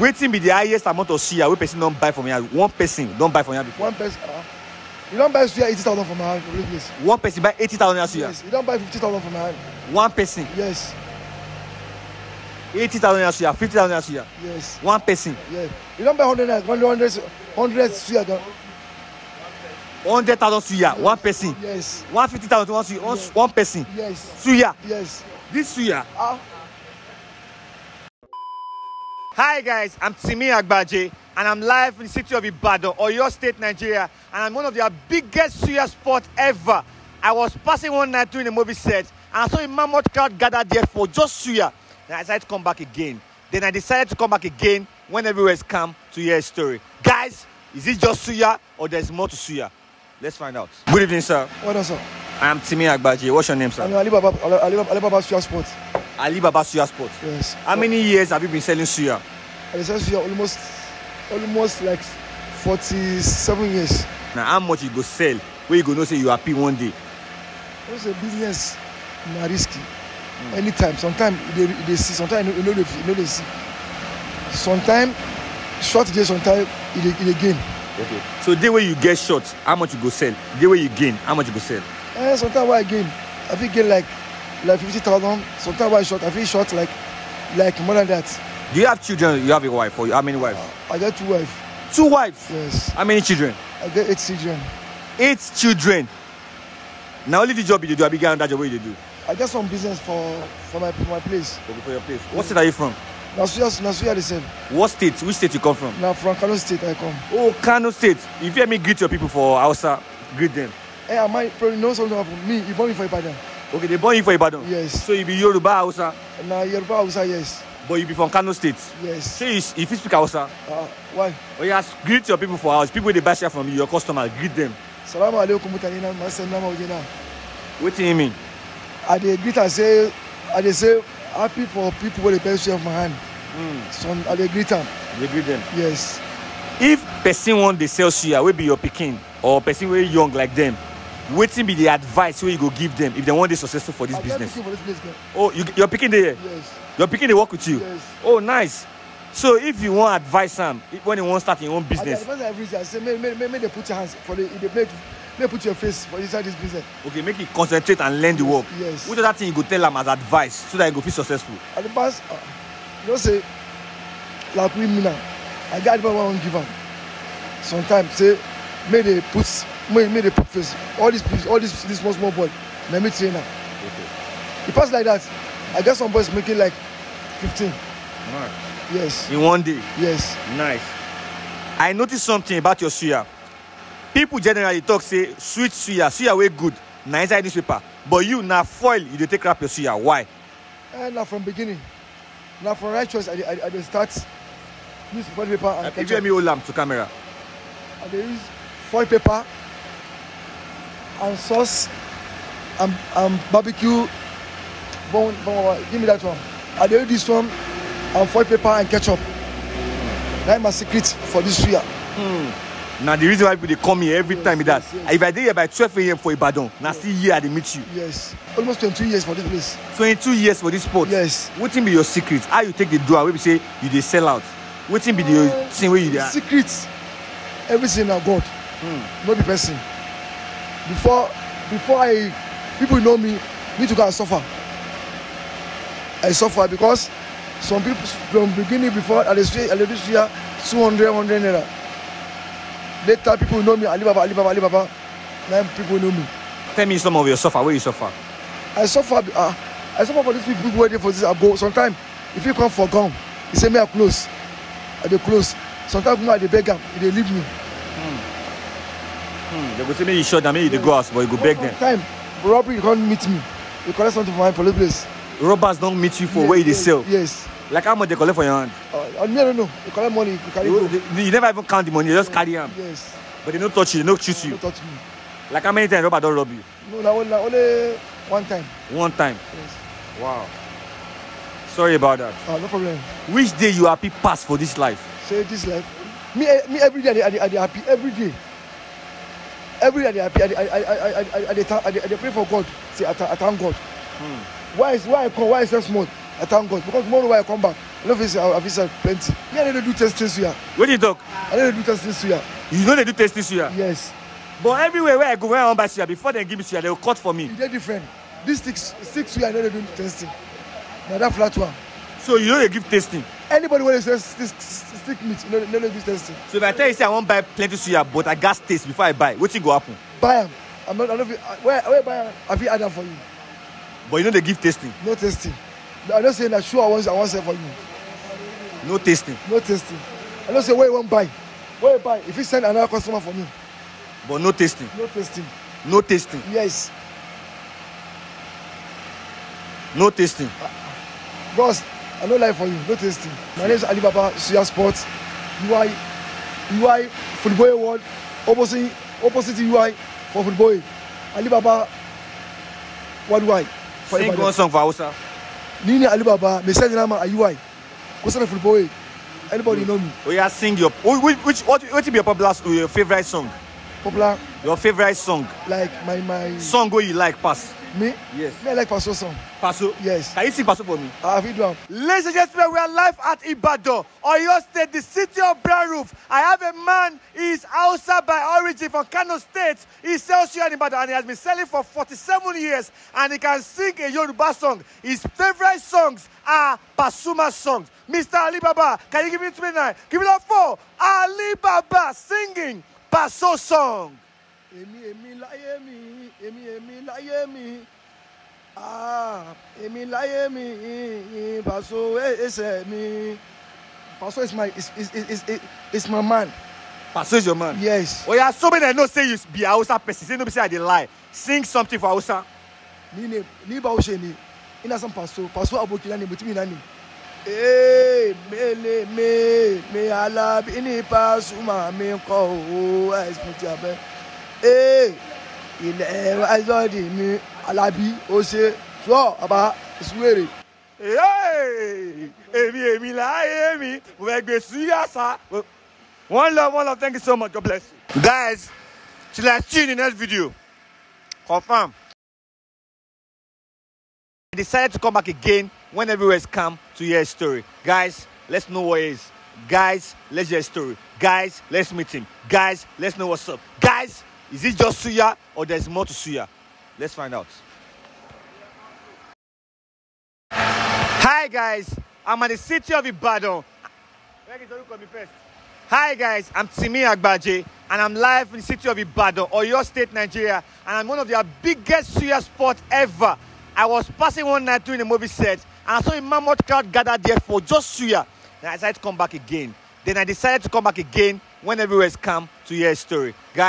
wetin be the highest amount of suya wey person don buy from yam one person don buy from yam before. one person uh, you don buy suya eighty thousand from my house. for place. one person buy eighty thousand naira suya. yes you don buy fifty thousand from my house. one person. yes. eighty thousand naira suya fifty thousand naira suya. yes one person. yes you don buy hundred naira one hundred hundred suya gan. hundred thousand suya one person. yes one fifty thousand one suya one person. yes suya. yes this suya. ah. Uh, Hi guys, I'm Timi Agbaje and I'm live in the city of Ibadan, Oyo State, Nigeria, and I'm one of their biggest Suya sport ever. I was passing one night during a movie set and I saw a mammoth crowd gathered there for just Suya. Then I decided to come back again. Then I decided to come back again when everywhere come to hear a story. Guys, is it just Suya or there's more to Suya? Let's find out. Good evening, sir. What up, sir? I'm Timi Agbaje. What's your name, sir? I'm Alibaba, Alibaba, Alibaba Suya Sports. Ali Baba Suya Sport. Yes. How many years have you been selling suya? I've been selling suya almost almost like forty-seven years. Now, how much you go sell wey you go know say you happy one day? I know business na risky. Mm. Anytime, sometimes they dey see, sometimes you know they you no dey see. Sometimes short dey, sometimes you dey gain. Okay. So the way you get short, how much you go sell? The way you gain, how much you go sell? Eh, sometimes wey I gain, I fit like like 50,000. Sometimes I short. I feel short. like like more than that. Do you have children? You have a wife, or how many wives? Uh, I got two wives. Two wives? Yes. How many children? I got eight children. Eight children. Now only the job you do, I began that job what you do. I got some business for for my for my place. For, for your place. What yes. state are you from? Nasuya, Nasuya the same. What state? Which state you come from? Now from Kano State I come. Oh, Kano State. If you hear me greet your people for Hausa, greet them. Hey, I might probably know something about me. You born me for Ibadan. Okay, they born you for Ibadan? Yes. So you be Yoruba Hausa? Na Yoruba Hausa, yes. But you be from Kano State? Yes. So you, if you speak Hausa? Uh, why? Oh, yes, greet your people for house. People they buy share from you, your customer, greet them. Salaam alaikum mutanina, nama ujina. What do you mean? I dey greet and say, I dey say, happy for people wey dey buy share of my hand. Mm. So I dey greet am. You greet them? Yes. If person wan dey sell suya wey be your pikin or person wey young like them, wetin be the advice wey you go give them if dem wan dey successful for this business oh your pikin dey here yes your pikin dey work with you yes oh nice so if you wan advise am when you wan start your own business i dey advise am i say make make make dey put your hands for the make make put your face for inside this business okay make you concentrate and learn the work yes which other thing you go tell am as advice so that you go feel successful advice uh, you know say like we mean am i get advice wey i wan give am sometimes say make dey put may may dey put face all this all this this small small boy na me train am okay. e pass like that i get some boys making like fifteen. Right. yes in one day. yes nice i notice something about your suya people generally talk say sweet suya suya wey good na inside newspaper but you na foil you dey take wrap your suya why. Eh, na from beginning na from right choice i dey i dey start use foil paper and ketchup. if you hear me hold am to camera. i dey use foil paper and sauce and, and barbecue bon, bon, give me that one i dey use this one and foil paper and ketchup na my secret for this year. Mm. na the reason why people dey come here every yes, time be that yes, yes. if i dey here by twelve am for ibadan na yes. still here i dey meet you. yes almost twenty-two years for this place. twenty-two years for this spot. yes wetin be your secret how you take dey do am wey be say you dey sell out wetin be the uh, thing wey you dey. secret everything na god mm. no be person before before i people know me me to go and suffer i suffer because some people from beginning before i dey see i dey do suya two hundred hundred naira later people know me alibaba alibaba alibaba na people know me. tell me some of your suffer Where you suffer. i suffer ah uh, i suffer for this people wey dey for this agbo sometimes if fit come for gown e say make i close i dey close sometimes i dey beg am e dey leave me. Mm. Hmm, they go say me you shut down make you dey go house but you go beg dem time robbery come meet me you collect something from my police place robbers don meet you for where you dey sell yes like how much they collect for your hand uh, on me i don't know you collect money you carry go you never even count the money you just carry am yes but they no touch you they no shoot you No touch me like how many times robber don rob you no na only one time one time yes wow sorry about that oh no problem which day you happy pass for this life say this life me eh, me every day i dey happy every day every day I, I, I, I, I, I, I, I, I pray for God. See, I, I thank God. Hmm. Why is why I come? Why is this month? I thank God because tomorrow when I come back, I know this I visit plenty. Me, I don't do testing here. What you talk? I don't do testing here. You know they do testing here. Yes. But everywhere where I go, where I want buy suya, before they give me suya, they will cut for me. They're different. This six six suya, I know they do testing. Now that flat one so you know dey give tasting. anybody want to sell stick meat no no dey give tasting. so if i tell you say i want buy plenty suya but i gas taste before i buy wetin go happen. buy am i'm not i no fit where where buy am i fit add for you. but you know dey give tasting. no tasting I'm not saying that. Sure, i want. i want sell for you. no tasting. no tasting i know say where you wan buy where you buy you send another customer for me. but no tasting. no tasting. no tasting. yes. no tasting. Uh, boss I no lie for you, no tasty. My name is Alibaba Suya Sports, UI, UI Football World, opposite, opposite UI for Football. Alibaba Worldwide. For Sing one song for Hausa. Nini Alibaba, me send nama a UI. Go Kusana Football. Anybody mm. know me? We oh, are sing your oh, which, which what what be your popular your favorite song? Popular. Your favorite song. Like my my. Song where you like pass. Me? Yes. Me, I like Paso song. Paso? Yes. Can you sing Paso for me? I have it down. Ladies and gentlemen, we are live at Ibadan, Oyo State, the city of Brown Roof. I have a man, he is outside by origin from Kano State. He sells you in and he has been selling for 47 years and he can sing a Yoruba song. His favorite songs are Pasuma songs. Mr. Alibaba, can you give to me now? Give it up for Alibaba singing Paso song. èmi èmi láyé mi èmi èmi láyé mi ah, èmi láyé mi Paso ẹsẹ̀ mi. Paso is my is is is is, is my man. Paso is your man. Yes. Oya oh, somebody that know say you be Hausa person say no be say I dey lie sing something for Hausa. Ni ne ni ba o ṣe ni ina san Paso Paso abokila ni mutum ina ni. Ee mele me me alabi ni Pasuma mi kọ o ẹsùn ti abẹ. Eh, ilẹ̀ ẹ̀rọ ẹ̀sọ́ọ̀dì mi alábí ó ṣe sọ ọba ìṣúwèrè. èmi èmi láàyè mi mo fẹ́ gbé sí àṣà one love one love thank you so much god bless you. guys till i see you in the next video confirm. I decided to come back again when everywhere is calm to hear a story. Guys, let's know what is. Guys, let's hear a story. Guys, let's meet him. Guys, let's know what's up. Guys, Is it just suya or there's more to suya? Let's find out. Hi guys, I'm at the city of Ibadan. Hi guys, I'm Timi Agbaje and I'm live in the city of Ibadan, Oyo State, Nigeria, and I'm one of their biggest suya spots ever. I was passing one night during the movie set and I saw a mammoth crowd gathered there for just suya. And I decided to come back again. Then I decided to come back again when everywhere has come to hear a story. Guys,